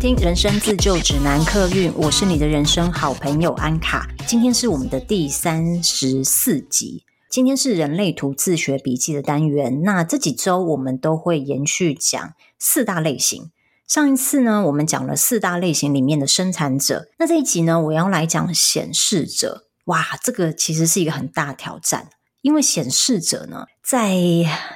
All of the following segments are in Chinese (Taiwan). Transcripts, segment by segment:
聽人生自救指南客運，我是你的人生好朋友安卡。今天是我們的第三十四集，今天是人類圖自學筆記的單元。那這幾周我們都會延續講四大類型。上一次呢，我們講了四大類型裡面的生產者。那這一集呢，我要來講顯示者。哇，這個其實是一個很大挑戰，因為顯示者呢。在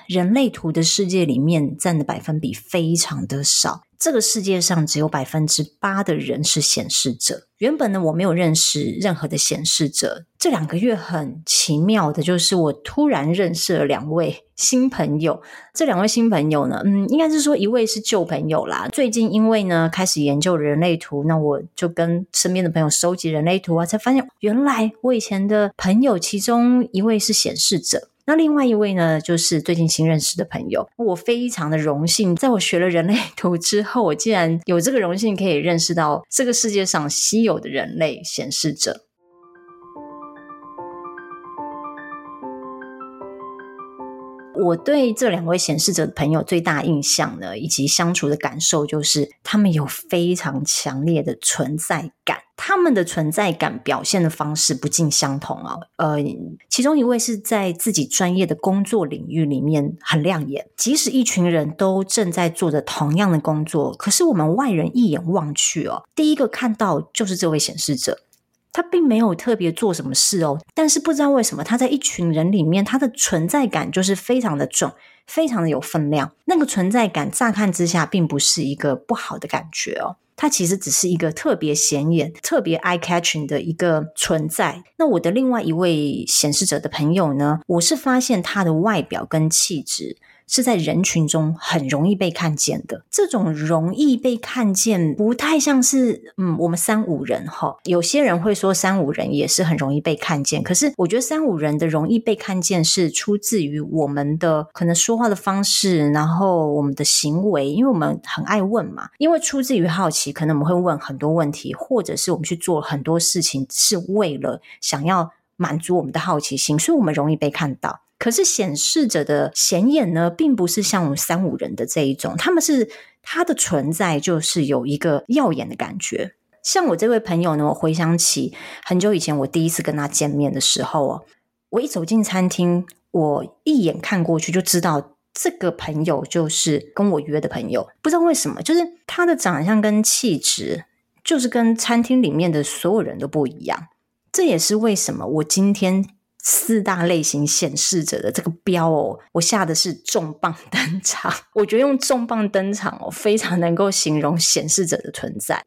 人類圖的世界裡面，佔的百分比非常的少。這個世界上只有百分之八的人是顯示者。原本呢，我沒有認識任何的顯示者。這兩個月很奇妙的，就是我突然認識了兩位新朋友。這兩位新朋友呢，嗯，應該是說一位是舊朋友啦。最近因為呢，開始研究人類圖，那我就跟身邊的朋友收集人類圖啊，才發現原來我以前的朋友其中一位是顯示者。那另外一位呢，就是最近新認識的朋友。我非常的榮幸，在我學了人類圖之後，我竟然有這個榮幸可以認識到這個世界上稀有的人類顯示者。我對這兩位顯示者的朋友最大印象呢，以及相處的感受，就是他們有非常強烈的存在感。他們的存在感表現的方式不盡相同哦。呃，其中一位是在自己專業的工作領域裡面很亮眼，即使一群人都正在做着同樣的工作，可是我們外人一眼望去哦，第一個看到就是這位顯示者。他並沒有特別做什麼事哦，但是不知道為什麼他在一群人裡面，他的存在感就是非常的重，非常的有分量。那個存在感乍看之下，並不是一個不好的感覺哦。他其實只是一個特別顯眼、特別 eye-catching 的一個存在。那我的另外一位顯示者的朋友呢，我是發現他的外表跟氣質，是在人群中很容易被看見的。這種容易被看見，不太像是嗯，我們三五人哈、哦。有些人會說三五人也是很容易被看見，可是我覺得三五人的容易被看見是出自於我們的可能說話的方式，然後我們的行為，因為我們很愛問嘛，因為出自於好奇，可能我們會問很多問題，或者是我們去做很多事情是為了想要滿足我們的好奇心，所以我們容易被看到。可是顯示者的顯眼呢，並不是像我們三五人的這一種，他們是他的存在就是有一個耀眼的感覺。像我這位朋友呢，我回想起很久以前我第一次跟他見面的時候哦、啊，我一走進餐廳，我一眼看過去就知道這個朋友就是跟我約的朋友。不知道為什麼，就是他的長相跟氣質，就是跟餐廳裡面的所有人都不一樣。這也是為什麼我今天。四大類型顯示者的這個標哦，我下的是重磅登場。 我覺得用重磅登場哦，非常能夠形容顯示者的存在。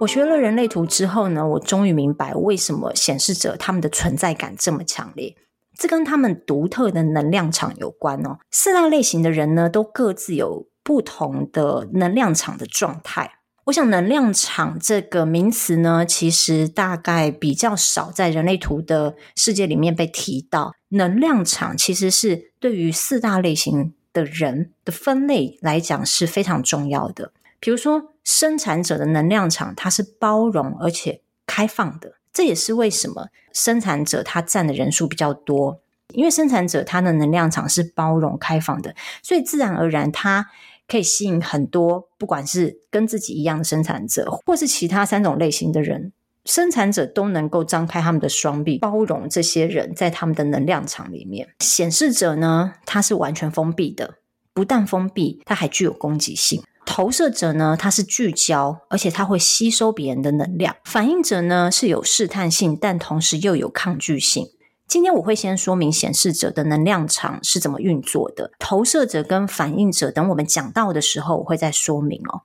我學了人類圖之後呢，我終於明白為什麼顯示者他們的存在感這麼強烈，這跟他們獨特的能量場有關哦。四大類型的人呢，都各自有不同的能量場的狀態。我想，能量場這個名詞呢，其實大概比較少在人類圖的世界裡面被提到。能量場其實是對於四大類型的人的分類來講是非常重要的。比如說，生產者的能量場，它是包容而且開放的，這也是為什麼生產者他占的人數比較多，因為生產者他的能量場是包容開放的，所以自然而然他。可以吸引很多，不管是跟自己一樣的生產者，或是其他三種類型的人，生產者都能夠張開他們的雙臂，包容這些人在他們的能量場裡面。顯示者呢，他是完全封閉的，不但封閉，他還具有攻擊性。投射者呢，他是聚焦，而且他會吸收別人的能量。反應者呢，是有試探性，但同時又有抗拒性。今天我會先說明顯示者的能量場是怎麼運作的，投射者跟反映者等我們講到的時候，我會再說明哦。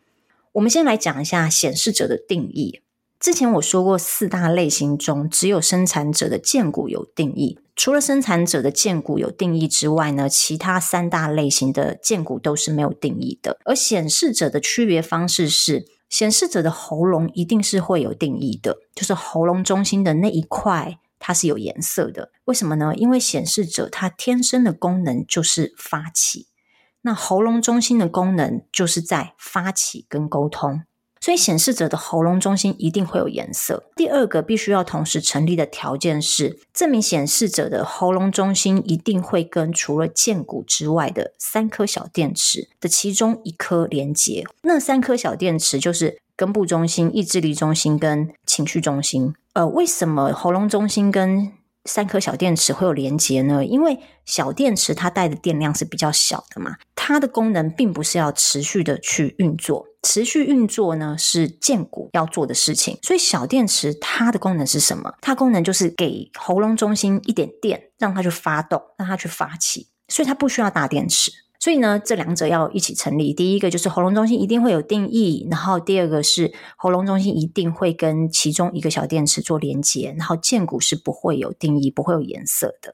我們先來講一下顯示者的定義。之前我說過，四大類型中只有生產者的薦骨有定義。除了生產者的薦骨有定義之外呢，其他三大類型的薦骨都是沒有定義的。而顯示者的區別方式是，顯示者的喉嚨一定是會有定義的，就是喉嚨中心的那一塊。它是有顏色的，為什麼呢？因為顯示者他天生的功能就是發起，那喉嚨中心的功能就是在發起跟溝通，所以顯示者的喉嚨中心一定會有顏色。第二個必須要同時成立的條件是，這名顯示者的喉嚨中心一定會跟除了薦骨之外的三顆小電池的其中一顆連接。那三顆小電池就是根部中心、意志力中心跟情緒中心。呃，為什麼喉嚨中心跟三顆小電池會有連接呢？因為小電池它帶的電量是比較小的嘛，它的功能並不是要持續的去運作，持續運作呢是薦骨要做的事情。所以小電池它的功能是什麼？它功能就是給喉嚨中心一點電，讓它去發動，讓它去發起，所以它不需要大電池。所以呢，這兩者要一起成立。第一個就是喉嚨中心一定會有定義，然後第二個是喉嚨中心一定會跟其中一個小電池做連接，然後薦骨是不會有定義，不會有顏色的。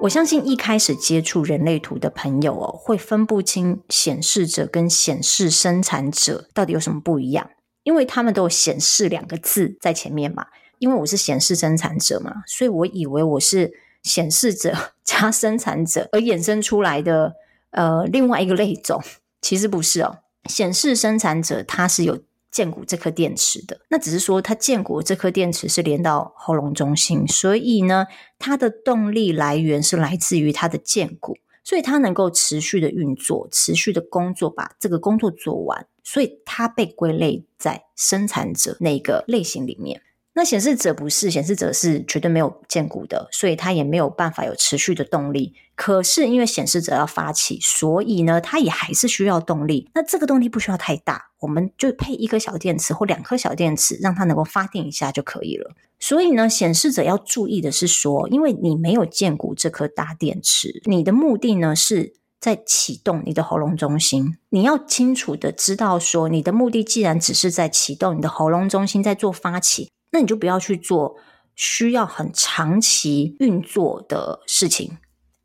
我相信一開始接觸人類圖的朋友哦，會分不清顯示者跟顯示生產者到底有什麼不一樣，因為他們都有“顯示”兩個字在前面嘛。因為我是顯示生產者嘛，所以我以為我是顯示者加生產者而衍生出來的呃、另外一個類種，其實不是哦。顯示生產者他是有薦骨這顆電池的，那只是說他薦骨這顆電池是連到喉嚨中心，所以呢，它的動力來源是來自於它的薦骨，所以它能夠持續的運作、持續的工作，把這個工作做完，所以它被歸類在生產者那個類型裡面。那顯示者不是，顯示者是絕對沒有薦骨的，所以他也沒有辦法有持續的動力。可是因為顯示者要發起，所以呢，他也還是需要動力。那這個動力不需要太大，我們就配一顆小電池或兩顆小電池，讓它能夠發電一下就可以了。所以呢，顯示者要注意的是說，因為你沒有薦骨這顆大電池，你的目的呢是在啟動你的喉嚨中心。你要清楚地知道說，你的目的既然只是在啟動你的喉嚨中心，在做發起。那你就不要去做需要很長期運作的事情，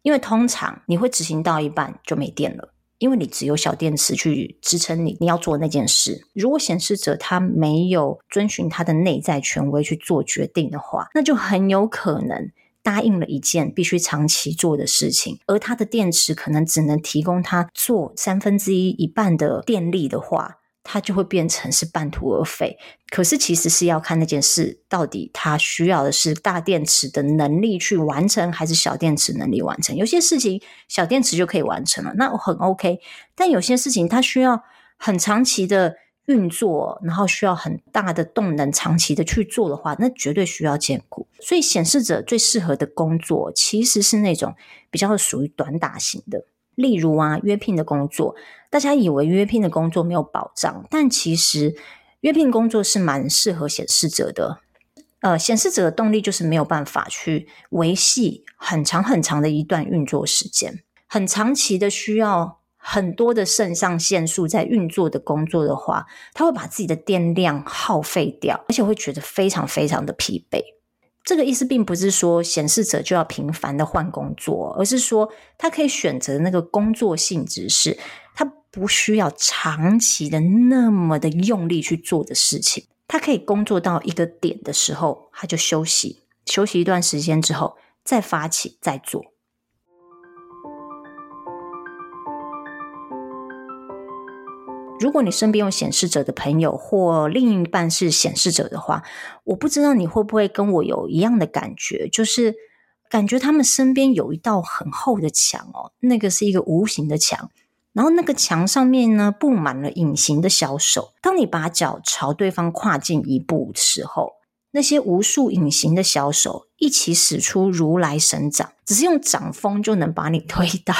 因為通常你會執行到一半就沒電了，因為你只有小電池去支撐你，你要做那件事。如果顯示者他沒有遵循他的內在權威去做決定的話，那就很有可能答應了一件必須長期做的事情，而他的電池可能只能提供他做三分之一一半的電力的話。它就會變成是半途而廢。可是其實是要看那件事到底它需要的是大電池的能力去完成，還是小電池能力完成。有些事情小電池就可以完成了，那很 OK。但有些事情它需要很長期的運作，然後需要很大的動能，長期的去做的話，那絕對需要薦骨。所以顯示者最適合的工作，其實是那種比較屬於短打型的。例如啊，約聘的工作，大家以為約聘的工作沒有保障，但其實約聘工作是蠻適合顯示者的。呃，顯示者的動力就是沒有辦法去維繫很長很長的一段運作時間，很長期的需要很多的腎上腺素在運作的工作的話，他會把自己的電量耗費掉，而且會覺得非常非常的疲憊。這個意思並不是說顯示者就要頻繁的換工作，而是說他可以選擇那個工作性質是他不需要長期的那麼的用力去做的事情，他可以工作到一個點的時候，他就休息，休息一段時間之後再發起再做。如果你身邊有顯示者的朋友或另一半是顯示者的話，我不知道你會不會跟我有一樣的感覺，就是感覺他們身邊有一道很厚的牆哦，那個是一個無形的牆，然後那個牆上面呢，布滿了隱形的小手，當你把腳朝對方跨進一步的時候，那些無數隱形的小手一起使出如來神掌，只是用掌風就能把你推倒。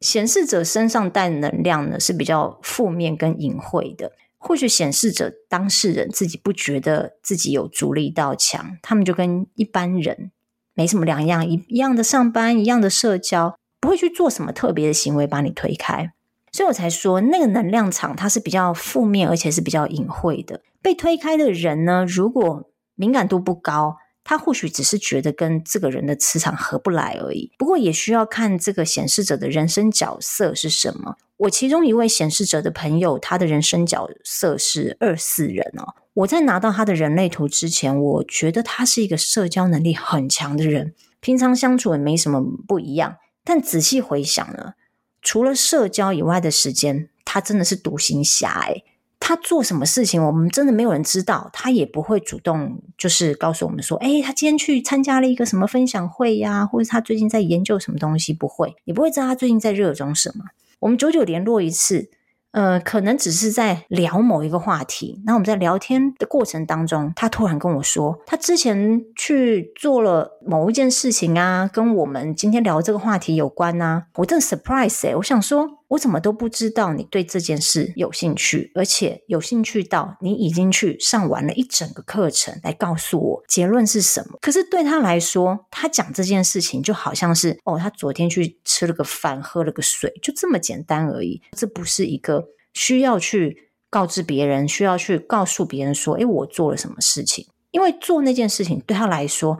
顯示者身上帶的能量呢，是比較負面跟隱晦的。或許顯示者當事人自己不覺得自己有築了一道牆，他們就跟一般人沒什麼兩樣，一一樣的上班，一樣的社交，不會去做什麼特別的行為把你推開。所以我才說，那個能量場它是比較負面，而且是比較隱晦的。被推開的人呢，如果敏感度不高。他或許只是覺得跟這個人的磁場合不來而已，不過也需要看這個顯示者的人生角色是什麼。我其中一位顯示者的朋友，他的人生角色是二四人哦。我在拿到他的人類圖之前，我覺得他是一個社交能力很強的人，平常相處也沒什麼不一樣。但仔細回想呢，除了社交以外的時間，他真的是獨行俠哎、欸。他做什麼事情，我們真的沒有人知道，他也不會主動就是告訴我們說，哎，他今天去參加了一個什麼分享會呀、啊，或者他最近在研究什麼東西，不會，你不會知道他最近在熱衷什麼。我們久久聯絡一次，呃，可能只是在聊某一個話題，那我們在聊天的過程當中，他突然跟我說，他之前去做了某一件事情啊，跟我們今天聊的這個話題有關啊，我真的 surprise 誒、欸，我想說。我怎麼都不知道你對這件事有興趣，而且有興趣到你已經去上完了一整個課程來告訴我結論是什麼？可是對他來說，他講這件事情就好像是哦，他昨天去吃了個飯，喝了個水，就這麼簡單而已。這不是一個需要去告知別人，需要去告訴別人說，誒，我做了什麼事情？因為做那件事情對他來說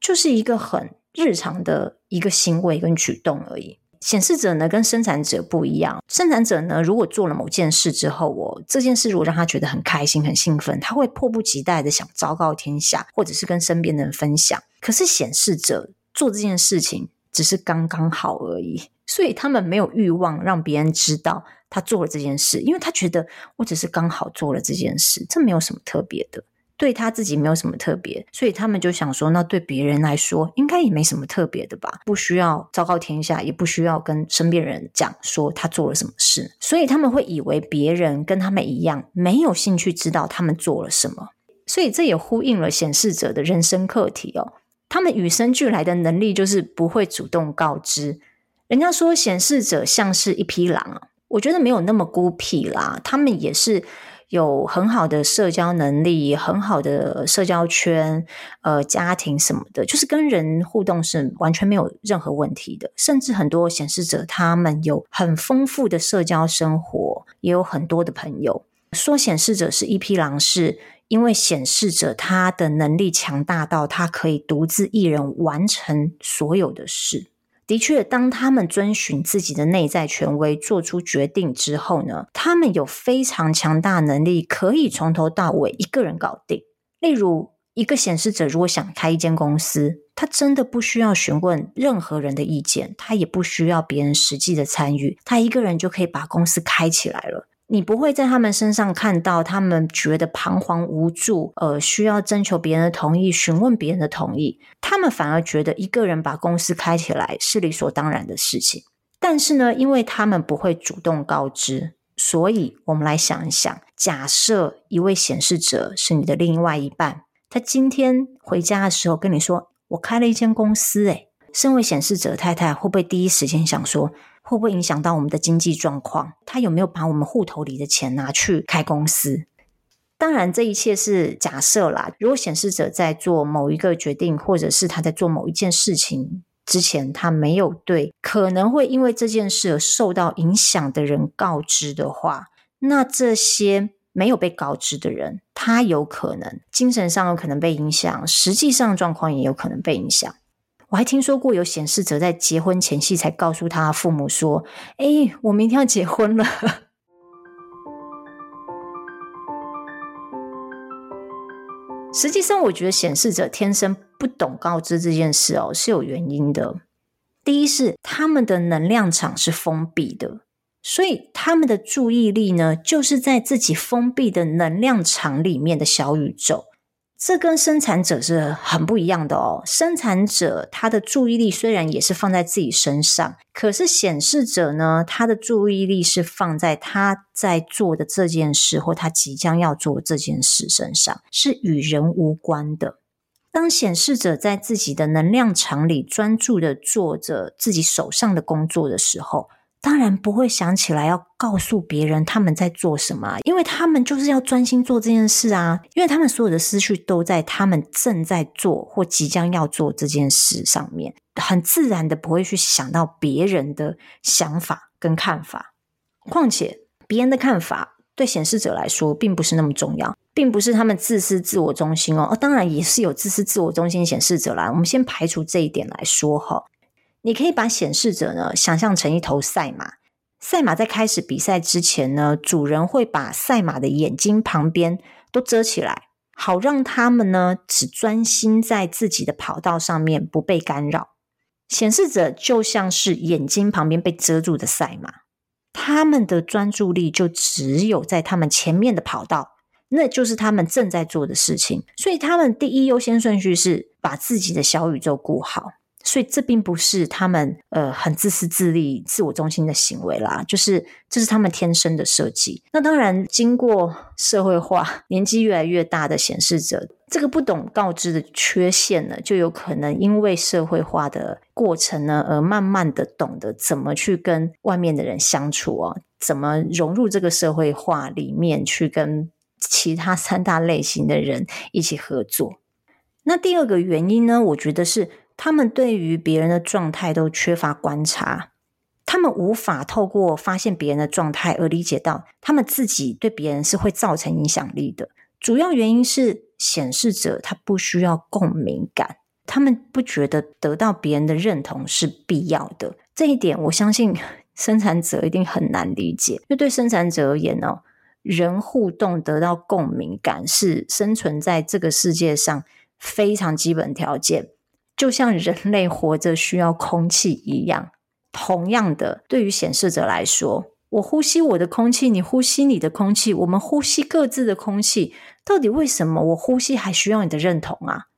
就是一個很日常的一個行為跟舉動而已。顯示者呢，跟生產者不一樣。生產者呢，如果做了某件事之後，哦，這件事如果讓他覺得很開心、很興奮，他會迫不及待的想昭告天下，或者是跟身邊的人分享。可是顯示者做這件事情只是剛剛好而已，所以他們沒有慾望讓別人知道他做了這件事，因為他覺得我只是剛好做了這件事，這沒有什麼特別的。對他自己沒有什麼特別，所以他們就想說，那對別人來說應該也沒什麼特別的吧，不需要昭告天下，也不需要跟身邊人講說他做了什麼事，所以他們會以為別人跟他們一樣，沒有興趣知道他們做了什麼，所以這也呼應了顯示者的人生課題哦，他們與生俱來的能力就是不會主動告知。人家說顯示者像是一匹狼，我覺得沒有那麼孤僻啦，他們也是。有很好的社交能力，很好的社交圈，呃，家庭什麼的，就是跟人互動是完全沒有任何問題的。甚至很多顯示者，他們有很豐富的社交生活，也有很多的朋友。說顯示者是一匹狼，是因為顯示者他的能力強大到他可以獨自一人完成所有的事。的確，當他們遵循自己的內在權威做出決定之後呢，他們有非常強大能力，可以從頭到尾一個人搞定。例如，一個顯示者如果想開一間公司，他真的不需要詢問任何人的意見，他也不需要別人實際的參與，他一個人就可以把公司開起來了。你不會在他們身上看到他們覺得彷徨無助，呃，需要徵求別人的同意，詢問別人的同意。他們反而覺得一個人把公司開起來是理所當然的事情。但是呢，因為他們不會主動告知，所以我們來想一想：假設一位顯示者是你的另外一半，他今天回家的時候跟你說：“我開了一間公司誒。”誒身為顯示者太太，會不會第一時間想說，會不會影響到我們的經濟狀況？他有沒有把我們戶頭裡的錢拿去開公司？當然，這一切是假設啦。如果顯示者在做某一個決定，或者是他在做某一件事情之前，他沒有對可能會因為這件事而受到影響的人告知的話，那這些沒有被告知的人，他有可能精神上有可能被影響，實際上的狀況也有可能被影響。我還聽說過有顯示者在結婚前夕才告訴他父母說：“哎，我明天要結婚了。 ”實際上，我覺得顯示者天生不懂告知這件事哦，是有原因的。第一是他們的能量場是封閉的，所以他們的注意力呢，就是在自己封閉的能量場裡面的小宇宙。這跟生產者是很不一樣的哦。生產者他的注意力雖然也是放在自己身上，可是顯示者呢，他的注意力是放在他在做的這件事或他即將要做這件事身上，是與人無關的。當顯示者在自己的能量場裡專注的做着自己手上的工作的時候，當然不會想起來要告訴別人他們在做什麼啊，因為他們就是要專心做這件事啊！因為他們所有的思緒都在他們正在做或即將要做這件事上面，很自然的不會去想到別人的想法跟看法。況且，別人的看法對顯示者來說並不是那麼重要，並不是他們自私自我中心哦。哦，當然也是有自私自我中心顯示者啦，我們先排除這一點來說哈。你可以把顯示者呢想象成一頭賽馬，賽馬在開始比賽之前呢，主人會把賽馬的眼睛旁邊都遮起來，好讓他們呢只專心在自己的跑道上面，不被干擾。顯示者就像是眼睛旁邊被遮住的賽馬，他們的專注力就只有在他們前面的跑道，那就是他們正在做的事情。所以他們第一優先順序是把自己的小宇宙顧好。所以這並不是他們呃很自私自利、自我中心的行為啦，就是這是他們天生的設計。那當然，經過社會化、年紀越來越大的顯示者，這個不懂告知的缺陷呢，就有可能因為社會化的過程呢，而慢慢的懂得怎麼去跟外面的人相處哦，怎麼融入這個社會化裡面去跟其他三大類型的人一起合作。那第二個原因呢，我覺得是。他們對於別人的狀態都缺乏觀察，他們無法透過發現別人的狀態而理解到他們自己對別人是會造成影響力的。主要原因是顯示者他不需要共鳴感，他們不覺得得到別人的認同是必要的。這一點我相信生產者一定很難理解，就對生產者而言呢，哦，人互動得到共鳴感是生存在這個世界上非常基本條件。就像人類活着需要空氣一樣，同樣的，對於顯示者來說，我呼吸我的空氣，你呼吸你的空氣，我們呼吸各自的空氣，到底為什麼我呼吸還需要你的認同啊？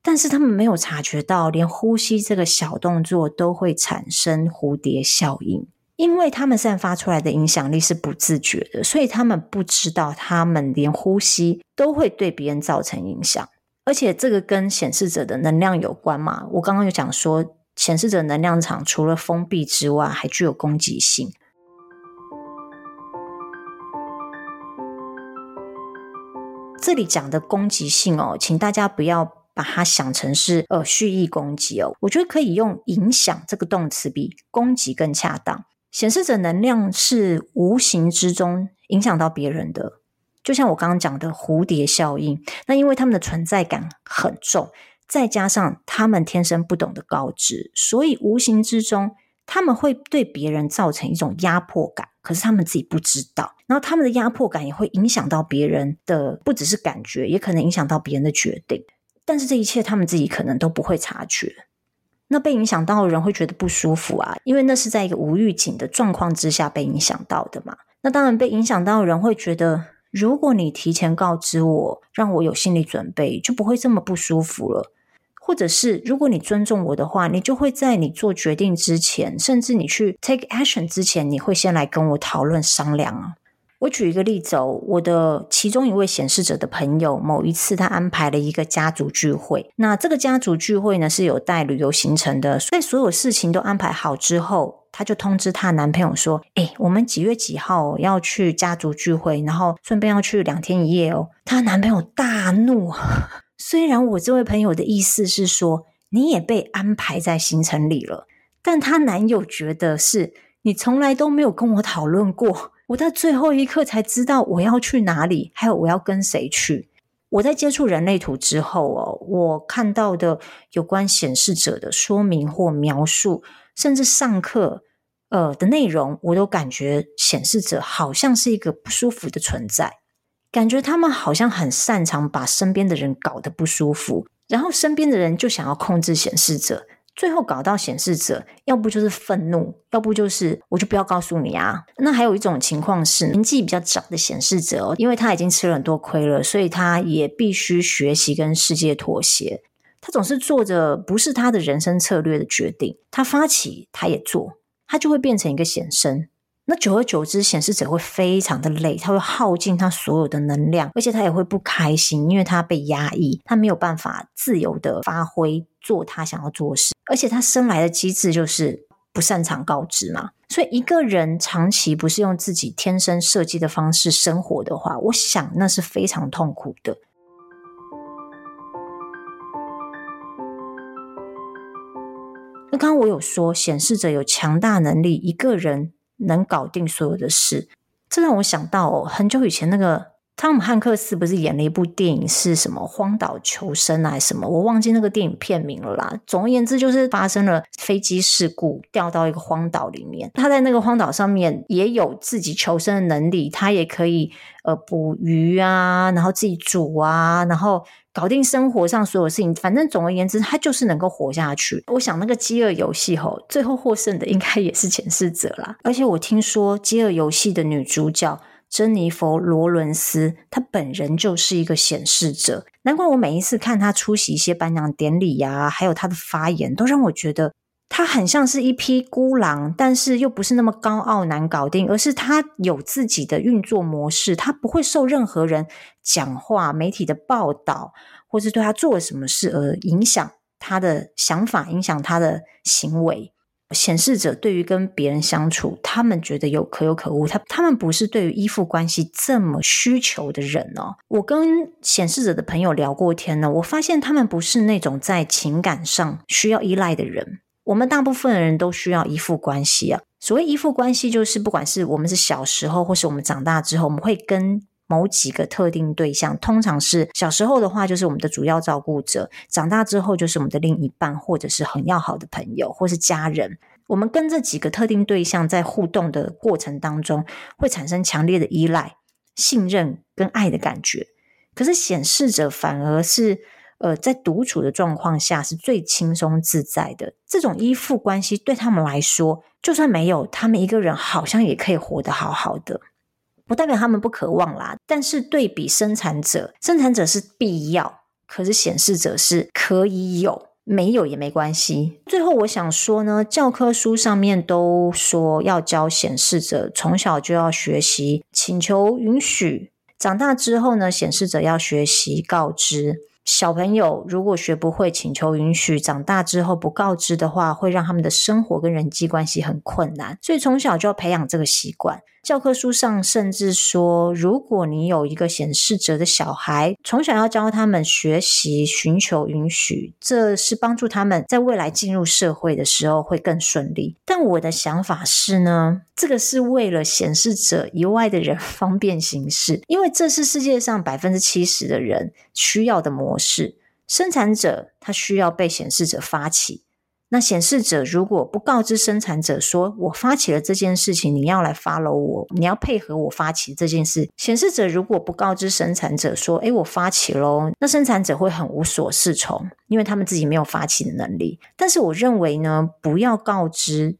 但是他們沒有察覺到，連呼吸這個小動作都會產生蝴蝶效應，因為他們散發出來的影響力是不自覺的，所以他們不知道，他們連呼吸都會對別人造成影響。而且這個跟顯示者的能量有關嘛，我剛剛有講說，顯示者能量場除了封閉之外，還具有攻擊性。這裡講的攻擊性哦，請大家不要把它想成是呃蓄意攻擊哦。我覺得可以用“影響”這個動詞，比“攻擊”更恰當。顯示者能量是無形之中影響到別人的。就像我剛剛講的蝴蝶效應，那因為他們的存在感很重，再加上他們天生不懂得告知，所以無形之中，他們會對別人造成一種壓迫感。可是他們自己不知道，然後他們的壓迫感也會影響到別人的，不只是感覺，也可能影響到別人的決定。但是這一切他們自己可能都不會察覺。那被影響到的人會覺得不舒服啊，因為那是在一個無預警的狀況之下被影響到的嘛。那當然，被影響到的人會覺得。如果你提前告知我，讓我有心理準備，就不會這麼不舒服了。或者是如果你尊重我的話，你就會在你做決定之前，甚至你去 take action 之前，你會先來跟我討論商量啊。我舉一個例子哦，我的其中一位顯示者的朋友，某一次他安排了一個家族聚會，那這個家族聚會呢是有帶旅遊行程的，所以所有事情都安排好之後。她就通知她男朋友說：“誒、欸，我們幾月幾號哦，要去家族聚會，然後順便要去兩天一夜哦。”她男朋友大怒。雖然我這位朋友的意思是說你也被安排在行程裡了，但她男友覺得是你從來都沒有跟我討論過，我到最後一刻才知道我要去哪裡，還有我要跟誰去。我在接觸人類圖之後哦，我看到的有關顯示者的說明或描述。甚至上課，呃、的內容，我都感覺顯示者好像是一個不舒服的存在，感覺他們好像很擅長把身邊的人搞得不舒服，然後身邊的人就想要控制顯示者，最後搞到顯示者要不就是憤怒，要不就是我就不要告訴你啊。那還有一種情況是年紀比較長的顯示者哦，因為他已經吃了很多虧了，所以他也必須學習跟世界妥協。他總是做着不是他的人生策略的決定，他發起，他也做，他就會變成一個顯生。那久而久之，顯示者會非常的累，他會耗盡他所有的能量，而且他也會不開心，因為他被壓抑，他沒有辦法自由的發揮做他想要做事。而且他生來的機制就是不擅長告知嘛，所以一個人長期不是用自己天生設計的方式生活的話，我想那是非常痛苦的。剛剛我有說顯示者有強大能力，一個人能搞定所有的事，這讓我想到，哦，很久以前那個。湯姆漢克斯不是演了一部電影，是什麼荒島求生啊？什麼我忘記那個電影片名了啦。總而言之，就是發生了飛機事故，掉到一個荒島裡面。他在那個荒島上面也有自己求生的能力，他也可以呃捕魚啊，然後自己煮啊，然後搞定生活上所有事情。反正總而言之，他就是能夠活下去。我想那個飢餓遊戲齁，最後獲勝的應該也是顯示者啦。而且我聽說飢餓遊戲的女主角，珍妮佛·羅倫斯，她本人就是一個顯示者，難怪我每一次看她出席一些頒獎典禮呀，啊，還有她的發言，都讓我覺得他很像是一匹孤狼，但是又不是那麼高傲難搞定，而是他有自己的運作模式，他不會受任何人講話，媒體的報道，或是對他做了什麼事而影響他的想法，影響他的行為。顯示者對於跟別人相處，他們覺得有可有可無。他他們不是對於依附關係這麼需求的人哦。我跟顯示者的朋友聊過天呢，我發現他們不是那種在情感上需要依賴的人。我們大部分的人都需要依附關係啊。所謂依附關係，就是不管是我們是小時候，或是我們長大之後，我們會跟。某幾個特定對象，通常是小時候的話，就是我們的主要照顧者；長大之後，就是我們的另一半，或者是很要好的朋友，或是家人。我們跟這幾個特定對象在互動的過程當中，會產生強烈的依賴、信任跟愛的感覺。可是，顯示者反而是呃，在獨處的狀況下是最輕鬆自在的。這種依附關係對他們來說，就算沒有，他們一個人，好像也可以活得好好的。不代表他們不渴望啦，但是對比生產者，生產者是必要，可是顯示者是可以有，沒有也沒關係。最後我想說呢，教科書上面都說要教顯示者，從小就要學習請求允許，長大之後呢，顯示者要學習告知，小朋友如果學不會請求允許，長大之後不告知的話，會讓他們的生活跟人際關係很困難，所以從小就要培養這個習慣。教科書上甚至說，如果你有一個顯示者的小孩，從小要教他們學習尋求允許，這是幫助他們在未來進入社會的時候會更順利。但我的想法是呢，這個是為了顯示者以外的人方便行事，因為這是世界上百分之七十的人需要的模式。生產者他需要被顯示者發起。那顯示者如果不告知生產者說，我發起了這件事情，你要來 follow 我，你要配合我發起這件事。顯示者如果不告知生產者說，誒，我發起嘍，那生產者會很無所適從，因為他們自己沒有發起的能力。但是我認為呢，不要告知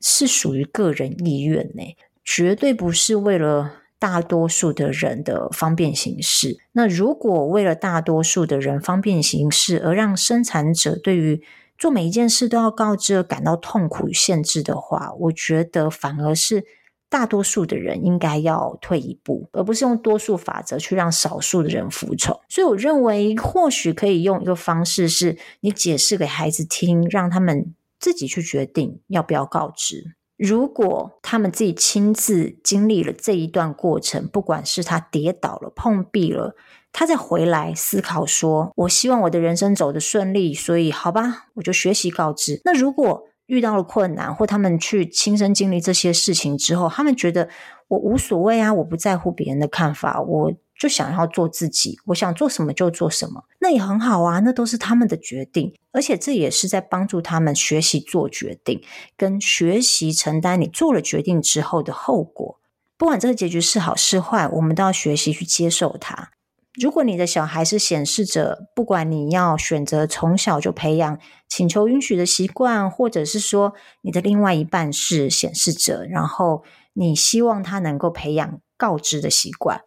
是屬於個人意願呢，絕對不是為了大多數的人的方便行事。那如果為了大多數的人方便行事，而讓生產者對於做每一件事都要告知而感到痛苦與限制的話，我覺得反而是大多數的人應該要退一步，而不是用多數法則去讓少數的人服從。所以，我認為或許可以用一個方式，是你解釋給孩子聽，讓他們自己去決定要不要告知。如果他們自己親自經歷了這一段過程，不管是他跌倒了、碰壁了，他再回來思考說：“我希望我的人生走得順利。”所以，好吧，我就學習告知。那如果遇到了困難，或他們去親身經歷這些事情之後，他們覺得我無所謂啊，我不在乎別人的看法，我。就想要做自己，我想做什麼就做什麼，那也很好啊。那都是他們的決定，而且這也是在幫助他們學習做決定，跟學習承擔你做了決定之後的後果。不管這個結局是好是壞，我們都要學習去接受它。如果你的小孩是顯示者，不管你要選擇從小就培養請求允許的習慣，或者是說你的另外一半是顯示者，然後你希望他能夠培養告知的習慣。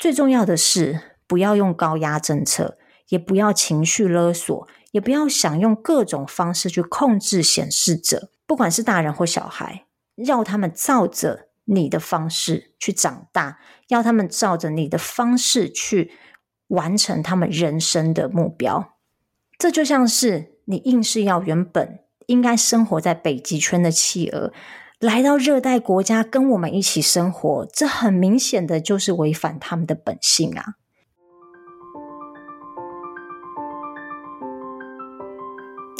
最重要的是，不要用高壓政策，也不要情緒勒索，也不要想用各種方式去控制顯示者，不管是大人或小孩，要他們照着你的方式去長大，要他們照着你的方式去完成他們人生的目標。這就像是你硬是要原本應該生活在北極圈的企鵝。來到熱帶國家，跟我們一起生活，這很明顯的就是違反他們的本性啊。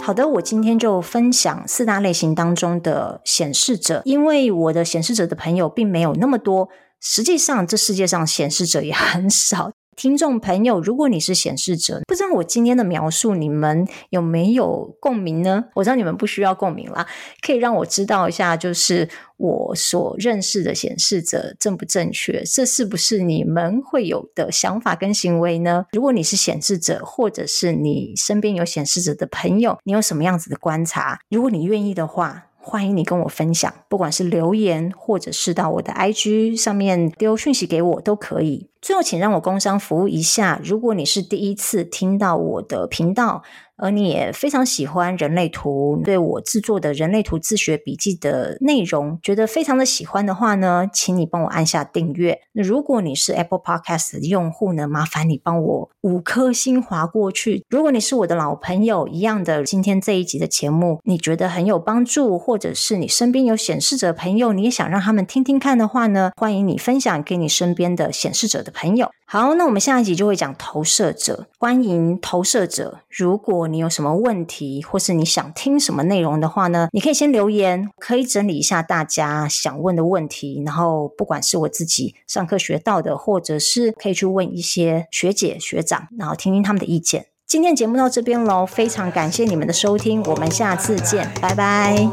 好的，我今天就分享四大類型當中的顯示者，因為我的顯示者的朋友並沒有那麼多，實際上這世界上顯示者也很少。聽眾朋友，如果你是顯示者，不知道我今天的描述你們有沒有共鳴呢？我知道你們不需要共鳴啦，可以讓我知道一下，就是我所認識的顯示者正不正確，這是不是你們會有的想法跟行為呢？如果你是顯示者，或者是你身邊有顯示者的朋友，你有什麼樣子的觀察？如果你願意的話，歡迎你跟我分享，不管是留言，或者是到我的 IG 上面丟訊息給我都可以。最後，請讓我工商服務一下。如果你是第一次聽到我的頻道，而你也非常喜歡人類圖，對我制作的人類圖自學筆記的內容覺得非常的喜歡的話呢，請你幫我按下訂閱。那如果你是 Apple Podcast 的用戶呢，麻煩你幫我五顆星滑過去。如果你是我的老朋友一樣的，今天這一集的節目你覺得很有幫助，或者是你身邊有顯示者朋友，你也想讓他們聽聽看的話呢，歡迎你分享給你身邊的顯示者的。朋友，好，那我們下一集就會講投射者，歡迎投射者。如果你有什麼問題，或是你想聽什麼內容的話呢，你可以先留言，可以整理一下大家想問的問題，然後不管是我自己上課學到的，或者是可以去問一些學姐學長，然後聽聽他們的意見。今天節目到這邊嘍，非常感謝你們的收聽，我們下次見，拜拜。